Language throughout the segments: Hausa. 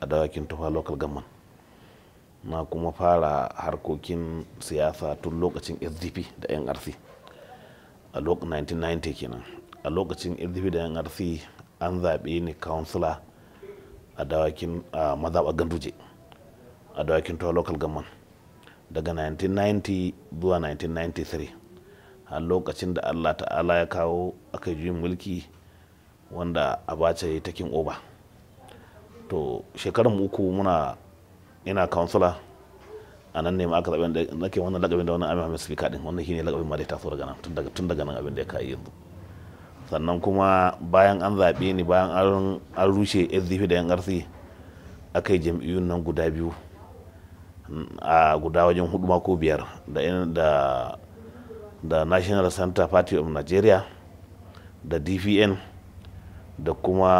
a dawakin tufa local government na kuma fara harkokin siyasa tun lokacin sdp da nrc a lokacin 1990 kenan a lokacin sdp da nrc an zaɓe ni councilor a dawakin a mazaɓa ganduje a dawakin tuwa local government daga 1990 zuwa 1993 a lokacin da allah ta'ala ya kawo aka yi mulki wanda abacha ya takin oba to shekaran uku muna ina kansula a nan ne ma aka zaɓe da nake wannan lagabin da wannan amin hamid sifika din wannan shine lagabin ma da ya taso daga nan tun daga nan abin da ya kai yanzu sannan kuma bayan an zaɓe ni bayan an rushe sdp da nrc aka yi jam'iyyun nan guda biyu a guda wajen hudu mako biyar da da national center party of nigeria da dpn da kuma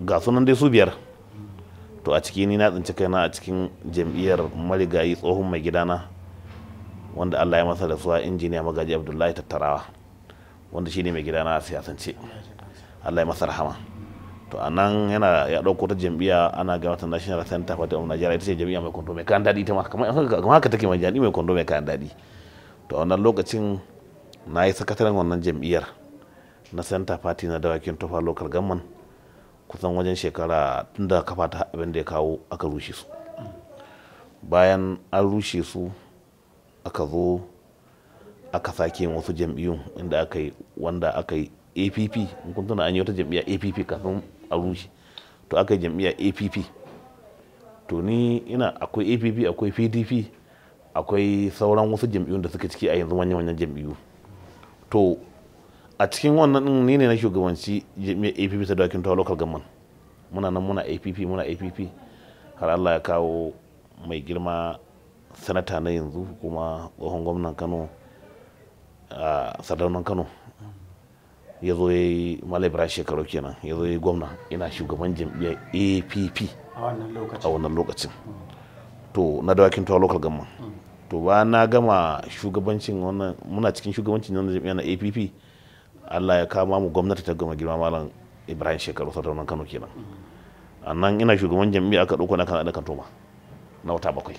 ga sunan dai su biyar to a ciki ni na tsinci kaina a cikin jam'iyyar marigayi tsohon mai gidana wanda Allah ya masa da suwa injiniya magaji abdullahi tattarawa wanda shine mai gidana a siyasance Allah ya masa rahama to a nan yana ya ɗauko ta jam'iyya ana ga wata national center for of nigeria ita ce jam'iyya mai kondo mai kayan daɗi ita ma kamar haka take mai mai kondo mai kayan daɗi to a wannan lokacin na yi sakataren wannan jam'iyyar na center party na dawakin tofa local government kusan wajen shekara tun da kafa ta abin da ya kawo aka rushe su bayan an rushe su aka zo aka sake wasu jam'iyyun inda aka yi wanda aka yi app in kun tuna an yi wata jam'iyyar app kafin a rushe to aka yi jam'iyyar app to ni ina akwai app akwai pdp akwai sauran wasu jam'iyyun da suke ciki a yanzu manyan manyan jam'iyyu to a cikin wannan din ni ne na shugabanci jami'ar app ta dakin tawa local government muna nan muna app muna app har allah ya kawo mai girma sanata na yanzu kuma tsohon gwamnan kano a sadaunan kano ya zo ya yi malabira shekaru kenan ya zo ya yi gwamna ina shugaban jam'iyyar app a wannan lokacin to na dawakin tawa local government to ba na gama shugabancin wannan muna cikin shugabancin wannan jam'iyyar na app allah ya kama mu gwamnati ta gama girma malam ibrahim shekaru sarraunan kano kenan a nan ina shugaban jami'a aka ɗauko na kan kantoma na wata bakwai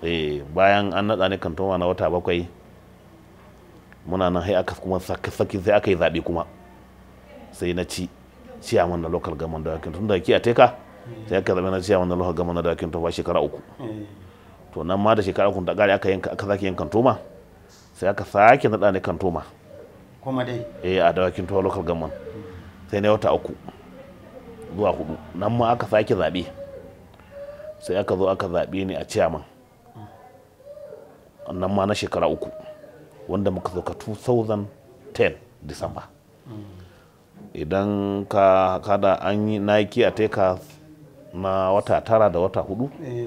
eh bayan an naɗa ne kantoma na wata bakwai muna nan hai aka kuma saki sai aka yi zaɓe kuma sai na ci ciyaman na local gama da wakil tun da ki a teka sai aka zaɓe na ciyaman na local government da tun tofa shekara uku to nan ma da shekara uku da gari aka yanka aka sake yankan toma sai aka sake naɗa ne kantoma kuma dai eh a dawakin tuwa local government sai na wata uku zuwa hudu nan ma aka sake zaɓe sai aka zo aka zaɓe ni a chairman nan ma na shekara uku wanda muka zo ka 2010 disamba idan ka kada an yi na yi kiyateka na wata tara da wata hudu eh,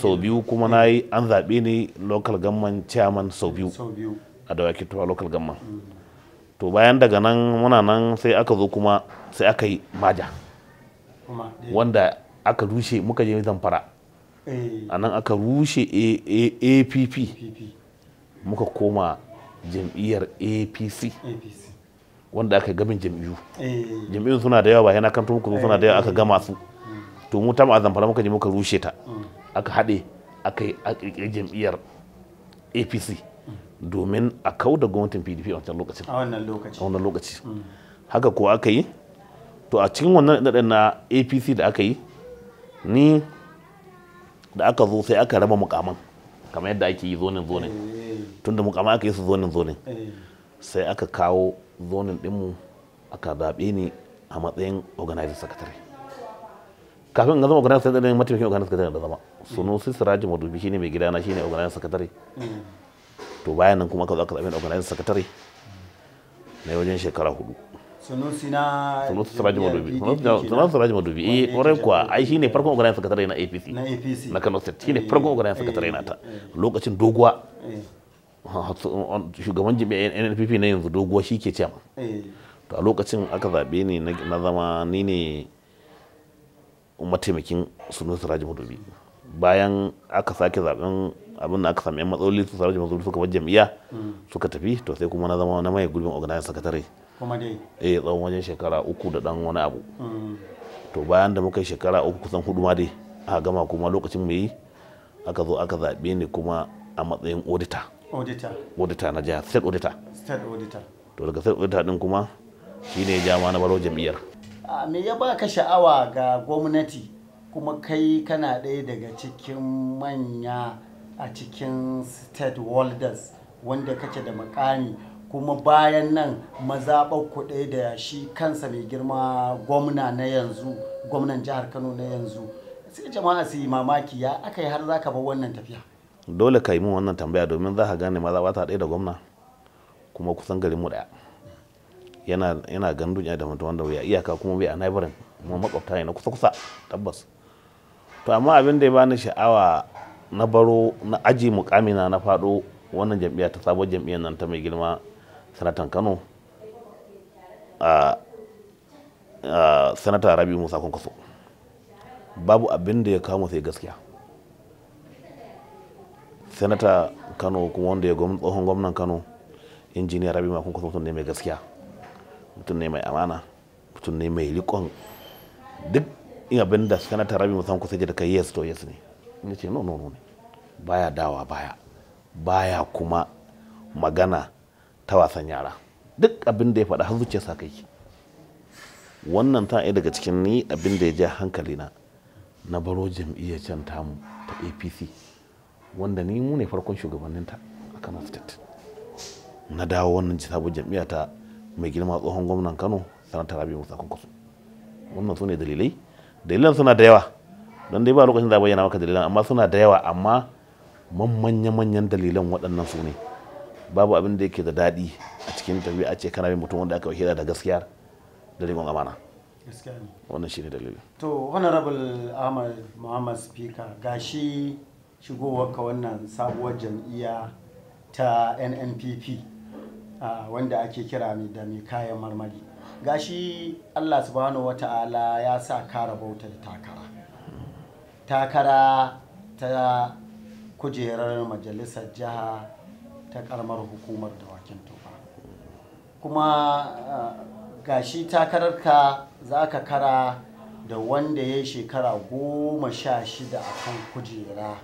sau biyu kuma na eh. yi an zaɓe ni local government chairman sau biyu a dawakin tuwa local government mm. to bayan daga nan muna nan sai aka zo kuma sai aka yi maja eh. wanda aka rushe muka je zamfara eh. a nan aka rushe app muka koma jam'iyyar apc wanda aka gamin jam'iyyu eh. jam'iyyun suna da yawa ba yana kanto muku suna da yawa aka gama su hmm. to mu tamu a zamfara muka je muka rushe ta hmm. aka haɗe aka yi a jam'iyyar apc domin a kawo da gwamnatin pdp a wancan lokacin a wannan lokaci mm. haka ko aka yi to a cikin wannan ɗaɗin na apc da aka yi ni da aka zo sai aka raba mukaman kamar yadda ake yi zonin zonin eh. tun da mukaman aka yi su zonin zonin eh. sai aka kawo zonin ɗinmu aka zaɓe ni a matsayin organizer secretary kafin in zama organizer secretary mataimakin organizer secretary da zama mm. sunusi siraji madubi shine mai gidana shine organizer secretary mm. to bayan nan kuma ka zo ka zaɓi organizer sakatare. na wajen shekara hudu sunan na sunusi siraji madubi sunusi siraji madubi eh kwarai kuwa ai ne farkon organizer sakatare na APC na APC na Kano State ne eh, farkon organizer eh, sakatare na ta eh. lokacin doguwa shugaban jami'an NNPP na yanzu doguwa shi ke cewa to a lokacin aka zaɓe ni na zama ni ne mataimakin sunan siraji madubi bayan aka sake zaben abin da aka sami yan matsaloli su sarrafa mazuri suka bar jam'iyya hmm. suka tafi to sai kuma na zama na mai gurbin organizer sakatare kuma dai eh tsawon wajen shekara uku da dan wani abu hmm. to bayan da muka yi shekara uku kusan hudu ma dai aka gama kuma lokacin mai aka zo aka zaɓe ni kuma a matsayin auditor auditor auditor na jihar state auditor state auditor to daga state auditor din kuma shine ya ja ma na baro jam'iyyar ah, me ya baka sha'awa ga gwamnati kuma kai kana ɗaya daga cikin manya a cikin state walders wanda kake da makami kuma bayan nan mazaɓar ku ɗaya da shi kansa mai girma gwamna na yanzu gwamnan jihar kano na yanzu sai jama'a su yi mamaki ya aka yi har za ka bar wannan tafiya dole ka yi min wannan tambaya domin za ka gane maza ba ta ɗaya da gwamna kuma kusan garin mu ɗaya yana yana gandunya da mutum wanda wuya iyaka kuma bai a naibarin kuma makwabta ne na kusa kusa tabbas to amma abin da ya bani sha'awa na baro na aji mukamina na faɗo wannan jam'iyyar ta sabon jam'iyyar nan ta mai girma sanatan kano a sanata rabi musa kwankwaso babu abin da ya kawo sai gaskiya sanata kano kuma wanda ya tsohon gwamnan kano injiniya rabi musa kwankwaso mutum ne mai gaskiya mutum ne mai amana mutum ne mai likon duk in abin da sanata musamman kusa da kai yes to yes ne in ce no no no ne baya dawa baya baya kuma magana ta wasan yara duk abin da ya faɗa har zuciya sa kai wannan ta ɗaya daga cikin ni abin da ya ja hankali na na baro jam'iyyar can tamu ta apc wanda ni mu ne farkon shugabanninta a kano state na dawo wannan sabon jam'iyya ta mai girma tsohon gwamnan kano sanata rabi musa kwankwaso wannan su ne dalilai dalilan suna da yawa don dai ba lokacin da bayyana maka dalilan amma suna da yawa amma man manya manyan dalilan waɗannan su ne babu abin da yake da daɗi a cikin tafiya a ce kana bin mutum wanda aka wahila da gaskiya da rigon amana wannan shi ne dalilin to honorable ahmad muhammad speaker gashi shigowarka wannan sabuwar jam'iyya ta nnpp ah, wanda ake kira da mai kayan marmari gashi Allah subhanahu ta'ala ya sa kara bautar takara takara ta kujerar majalisar jiha ta karamar hukumar dawakin tufa. kuma eh, gashi takarar ka za ka kara da wanda ya shekara goma sha shida a kan kujera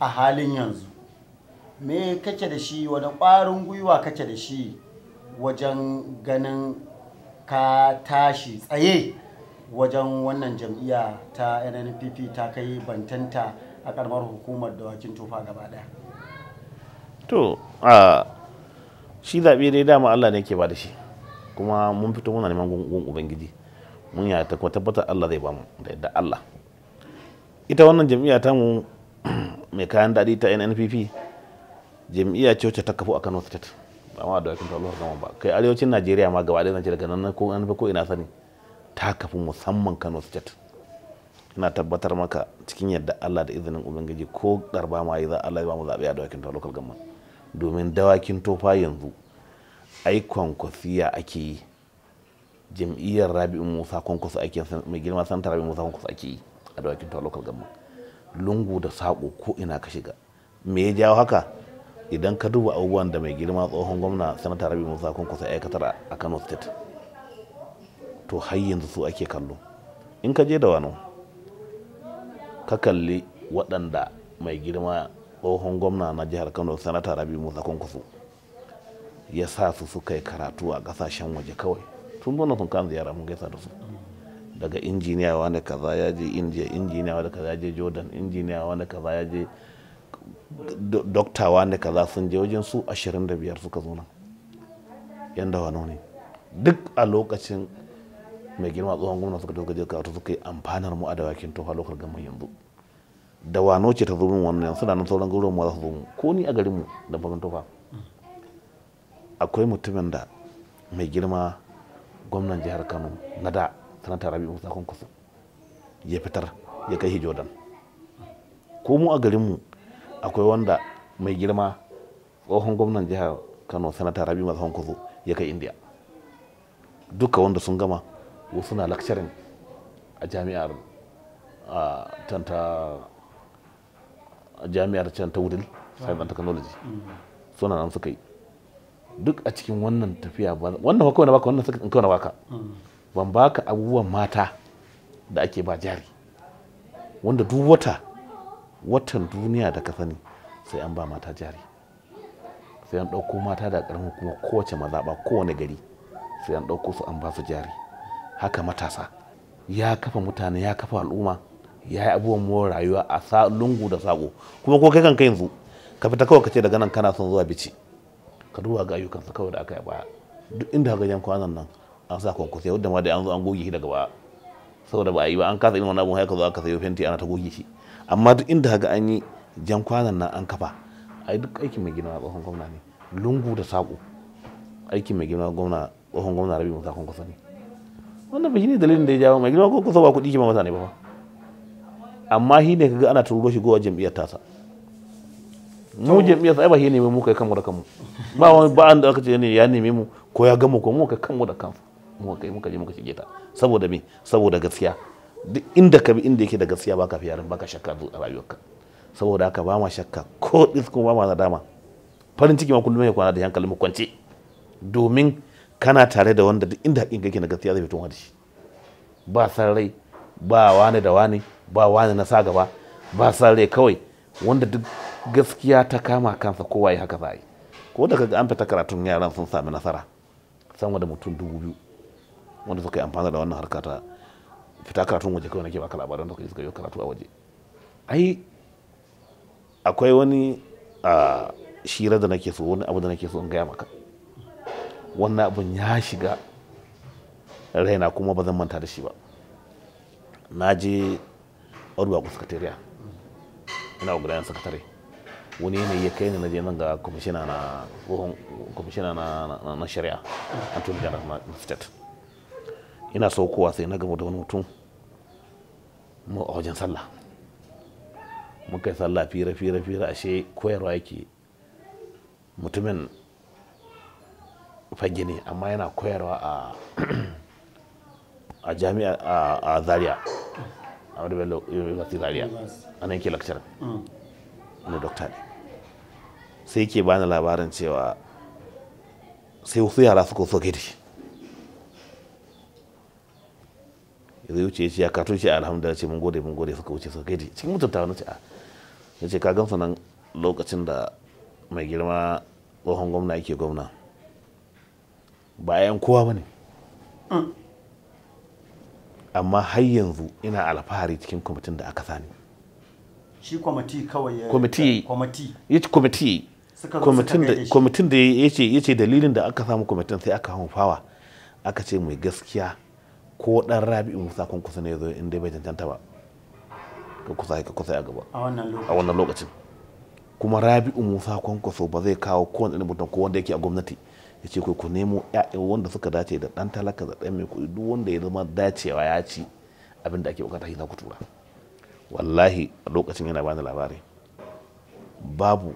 a halin yanzu me kake da shi wani ƙwarin gwiwa kake da shi wajen ganin ka tashi tsaye wajen wannan jam'iyya ta nnpp ta kai bantanta a karamar hukumar dawakin tufa gaba daya to a shi zaɓe dai dama allah ne ke ba da shi kuma mun fito muna neman gungun ubangiji mun ya ta kuma tabbatar allah zai ba mu da yadda allah ita wannan jam'iyya ta mu mai kayan daɗi ta nnpp jam'iyya ce wacce ta kafu a kano state amma da wakin talo gama ba kai arewacin najeriya ma gaba ɗaya zance daga nan ko an ko ina sani ta kafi musamman kano state ina tabbatar maka cikin yadda allah da izinin ubangiji ko karba ma yi za allah ya ba mu zaɓe a dawakin talo gama domin dawakin tofa yanzu ai kwankwasiya ake yi jam'iyyar Rabi'u musa kwankwasa ake mai girma santa Rabi'u musa kwankwasa ake yi a dawakin talo gama lungu da saƙo ko ina ka shiga me ya jawo haka idan ka duba abubuwan da mai girma tsohon gwamna sanata rabi musa kun kusa aikatar a kano state to har yanzu su ake kallo in ka je da wano ka kalli waɗanda mai girma tsohon gwamna na jihar kano sanata rabi musa kusa ya sa su suka yi karatu a ƙasashen waje kawai tun gona sun kan ziyara mun gaisa da su daga injiniya wani kaza ya je injiya injiniya wani kaza ya je jordan injiniya wani kaza ya je doktawa ne kaza sun je wajen su 25 suka zo nan yan dawano ne duk a lokacin mai girma tsohon gwamna suka doka je karatu suka yi amfanar mu a dawakin tofa lokar gama yanzu dawano ce ta zubin wannan yanzu suna nan sauran gurin mu za su zo mu ko ni a garin mu da fagen tofa akwai mutumin da mai girma gwamnan jihar kano na da sanata rabi musa kwankwaso ya fitar ya kai hijodan ko mu a garinmu akwai wanda mai girma tsohon gwamnan jihar kano sanata rabi masu kuzo ya kai india duka wanda sun gama wasu na lakcarin a jami'ar can ta jami'ar canta ta wudil science and technology suna nan suka yi duk a cikin wannan tafiya wannan kawai na baka wannan kawai na baka ban baka abubuwan mata da ake ba jari wanda duk wata watan duniya da ka sani sai an ba mata jari sai an ɗauko mata da ƙaramin kuma kowace mazaɓa kowane gari sai an ɗauko su an ba su jari haka matasa ya kafa mutane ya kafa al'umma ya yi abubuwan more rayuwa a sa lungu da sako. kuma ko kai kanka yanzu ka fita kawai ka ce daga nan kana son zuwa bici ka duba ga ayyukansa kawai da aka yi baya duk inda ga yan kwanan nan an sa kwan yau da ma da an zo an goge shi daga baya saboda ba a yi ba an kasa yin wani abun haka zo aka sayo fenti ana ta goge shi amma duk inda haka an yi jan kwanan nan an kafa ai duk aikin mai girma tsohon gwamna ne lungu da saƙo aikin mai girma gwamna tsohon gwamna rabi musa kun kusa ne wannan bai ne dalilin da ya jawo mai girma kun kusa ba kuɗi mamata ne ba amma shi ne kaga ana turo shi gowa jam'iyyar tasa mu jam'iyyar sa ai ba shi ne mu kai kanmu da kanmu ba wani ba an da aka ce ne ya neme mu ko ya gamu ko mu kai kanmu da kanmu muka kai muka je muka shige ta saboda me saboda gaskiya duk inda ka bi inda yake da gaskiya baka fiyarin baka shakka a rayuwarka saboda haka ba ma shakka ko disko ba ma nadama farin ciki ma kullum ya kwana da hankalin kwance domin kana tare da wanda duk inda hakin kake na gaskiya zai fito da shi ba sarrai ba wani da wani ba wani na sa gaba ba sarrai kawai wanda duk gaskiya ta kama kansa kowa ya haka za yi ko da an fita karatun yaran sun sami nasara sama da mutum dubu biyu wanda suka yi amfani da wannan harka ta fita karatun waje kawai nake baka labaran da suka yi karatu a waje ai akwai wani a shira da nake so wani abu da nake so in gaya maka wannan abun ya shiga raina kuma ba zan manta da shi ba na je orwa ku sakatariya ina wa gudanar sakatare wani yanayi ya kai ni na je nan ga kwamishina na kwamishina na shari'a antoni janar na state ina saukowa sai na gama da wani mutum mu a wajen sallah muka yi sallah fira fira fira ashe koyarwa yake mutumin fage ne amma yana koyarwa a a jami'a a zaria a wadda bello university zaria a nan ke lakcar na dokta ne sai ke bani labarin cewa sai wasu yara suka so kai zai wuce ya ce ya kato shi alhamdulillah ce mun gode mun gode suka wuce suka gaidi cikin ta wani ce ah. a ya ce ka gamsa nan lokacin da mai girma tsohon gwamna yake gwamna bayan kowa ba ne amma har yanzu ina alfahari cikin kwamitin da aka sani shi kwamiti kawai ya kwamiti ya kwamiti kwamitin da ya ce dalilin da aka samu kwamitin sai aka hanfawa aka ce mai gaskiya ko dan rabi'u musa kun kusa ne zo in dai bai cancanta ba ka kusa ka kusa a gaba a wannan lokacin kuma rabi'u musa kusa ba zai kawo kowane irin mutum ko wanda yake a gwamnati ya ce ku nemo ya'yan wanda suka dace da dan talaka da dan mai kuɗi duk wanda ya zama dacewa ya ci abin da ake bukata shi za ku tura wallahi a lokacin yana bani labari babu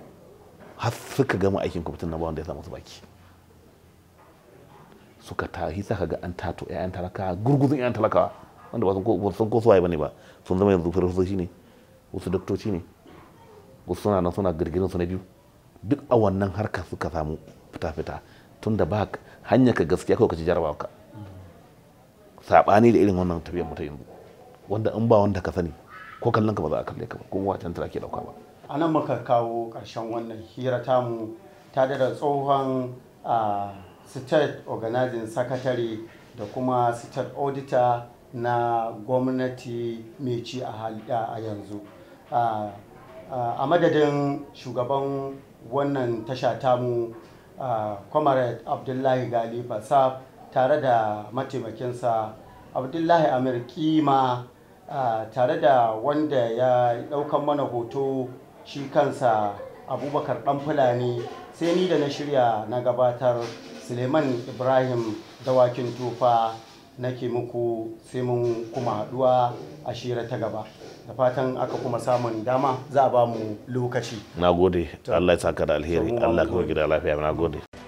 har suka gama aikin kwamitin na ba wanda ya samu su baki suka tahi saka ga an tato 'ya'yan talakawa gurguzun 'ya'yan talakawa wanda ba sun ko suwaye bane ba sun zama yanzu firistoci ne wasu doktoci ne wasu suna nan suna girgirin su na biyu duk a wannan harkar suka samu fita-fita tun da ba hanya ka gaskiya kawai ka ci jarabawa ka saɓani da irin wannan tafiyar mutum yanzu wanda in ba wanda ka sani ko kallon ka ba za a kalle ka ba kuma wacan tara ke dauka ba a nan muka kawo ƙarshen wannan hira tamu ta da tsohon ah, state organizing secretary da kuma state auditor na gwamnati mai ci a yanzu a madadin shugaban wannan tasha tamu comrade abdullahi gali basab tare da mataimakinsa abdullahi amir kima tare da wanda ya daukan mana hoto shi kansa abubakar ɗan fulani sai ni da na shirya na gabatar suleiman ibrahim dawakin tufa nake muku sai mun kuma haduwa a shira ta gaba da fatan aka kuma samun dama za a ba mu lokaci na gode allah ya saka da alheri allah kawai gida lafiya na gode